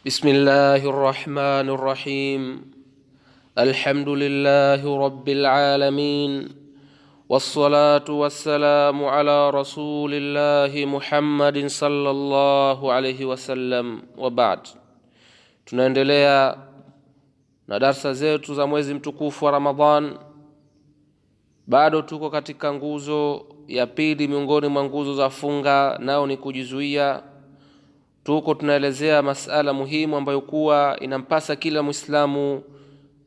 بسم الله الرحمن الرحيم الحمد لله رب العالمين والصلاة والسلام على رسول الله محمد صلى الله عليه وسلم وبعد tunaendelea na darsa zetu za mwezi mtukufu wa Ramadhan bado tuko katika nguzo ya pili miongoni mwa nguzo za funga nao ni kujizuia tuko tunaelezea masala muhimu ambayo kuwa inampasa kila mwislamu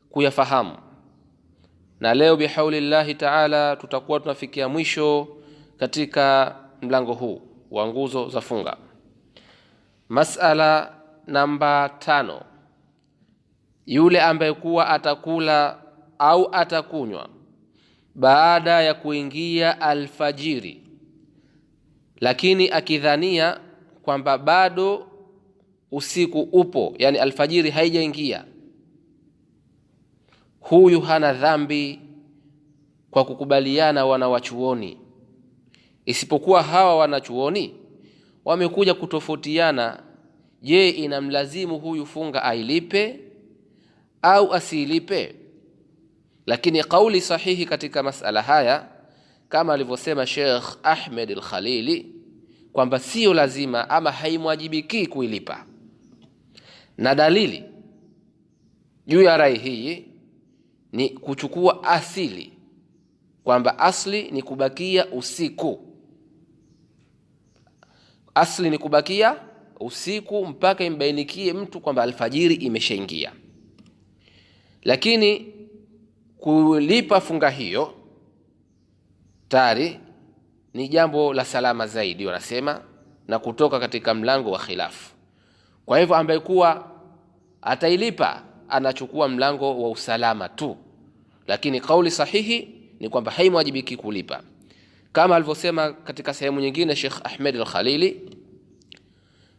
kuyafahamu, na leo bihauli llahi taala tutakuwa tunafikia mwisho katika mlango huu wa nguzo za funga. Masala namba tano, yule ambaye kuwa atakula au atakunywa baada ya kuingia alfajiri, lakini akidhania kwamba bado usiku upo, yani alfajiri haijaingia, huyu hana dhambi kwa kukubaliana wanawachuoni, isipokuwa hawa wanachuoni wamekuja kutofautiana. Je, inamlazimu huyu funga ailipe au asiilipe? Lakini kauli sahihi katika masala haya kama alivyosema Sheikh Ahmed Al-Khalili kwamba sio lazima ama haimwajibiki kuilipa, na dalili juu ya rai hii ni kuchukua asili kwamba asli ni kubakia usiku, asli ni kubakia usiku mpaka imbainikie mtu kwamba alfajiri imeshaingia. Lakini kulipa funga hiyo tayari ni jambo la salama zaidi, wanasema na kutoka katika mlango wa khilafu. Kwa hivyo ambaye kuwa atailipa anachukua mlango wa usalama tu, lakini kauli sahihi ni kwamba haimwajibiki kulipa, kama alivyosema katika sehemu nyingine Sheikh Ahmed al-Khalili,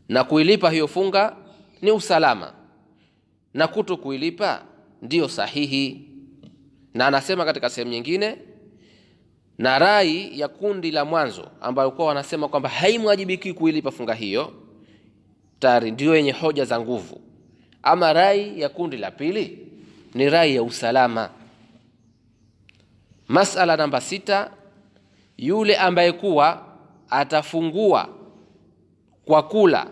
na kuilipa hiyo funga ni usalama na kuto kuilipa ndiyo sahihi, na anasema katika sehemu nyingine na rai ya kundi la mwanzo ambayo kwa wanasema kwamba haimwajibiki kuilipa funga hiyo, tayari ndio yenye hoja za nguvu. Ama rai ya kundi la pili ni rai ya usalama. Masala namba sita, yule ambaye kuwa atafungua kwa kula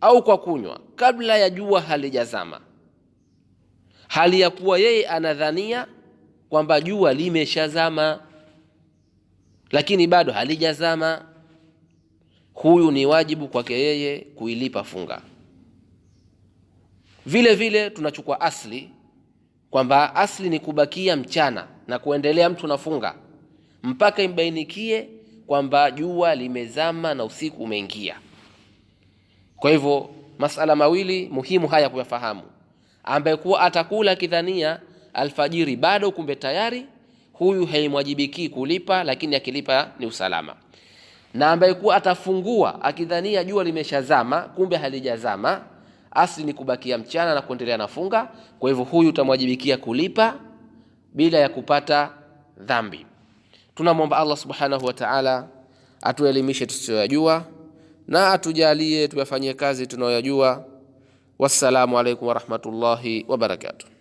au kwa kunywa kabla ya jua halijazama, hali ya kuwa yeye anadhania kwamba jua limeshazama lakini bado halijazama, huyu ni wajibu kwake yeye kuilipa funga. Vile vile tunachukua asli kwamba asli ni kubakia mchana na kuendelea, mtu nafunga mpaka imbainikie kwamba jua limezama na usiku umeingia. Kwa hivyo masala mawili muhimu haya kuyafahamu, ambaye kuwa atakula kidhania alfajiri bado, kumbe tayari huyu haimwajibikii kulipa, lakini akilipa ni usalama. Na ambaye kuwa atafungua akidhania jua limeshazama, kumbe halijazama, asli ni kubakia mchana na kuendelea na funga. Kwa hivyo huyu utamwajibikia kulipa bila ya kupata dhambi. Tunamwomba Allah subhanahu wa ta'ala atuelimishe tusiyoyajua na atujalie tuyafanyie kazi tunayoyajua. Wassalamu alaikum warahmatullahi wabarakatuh.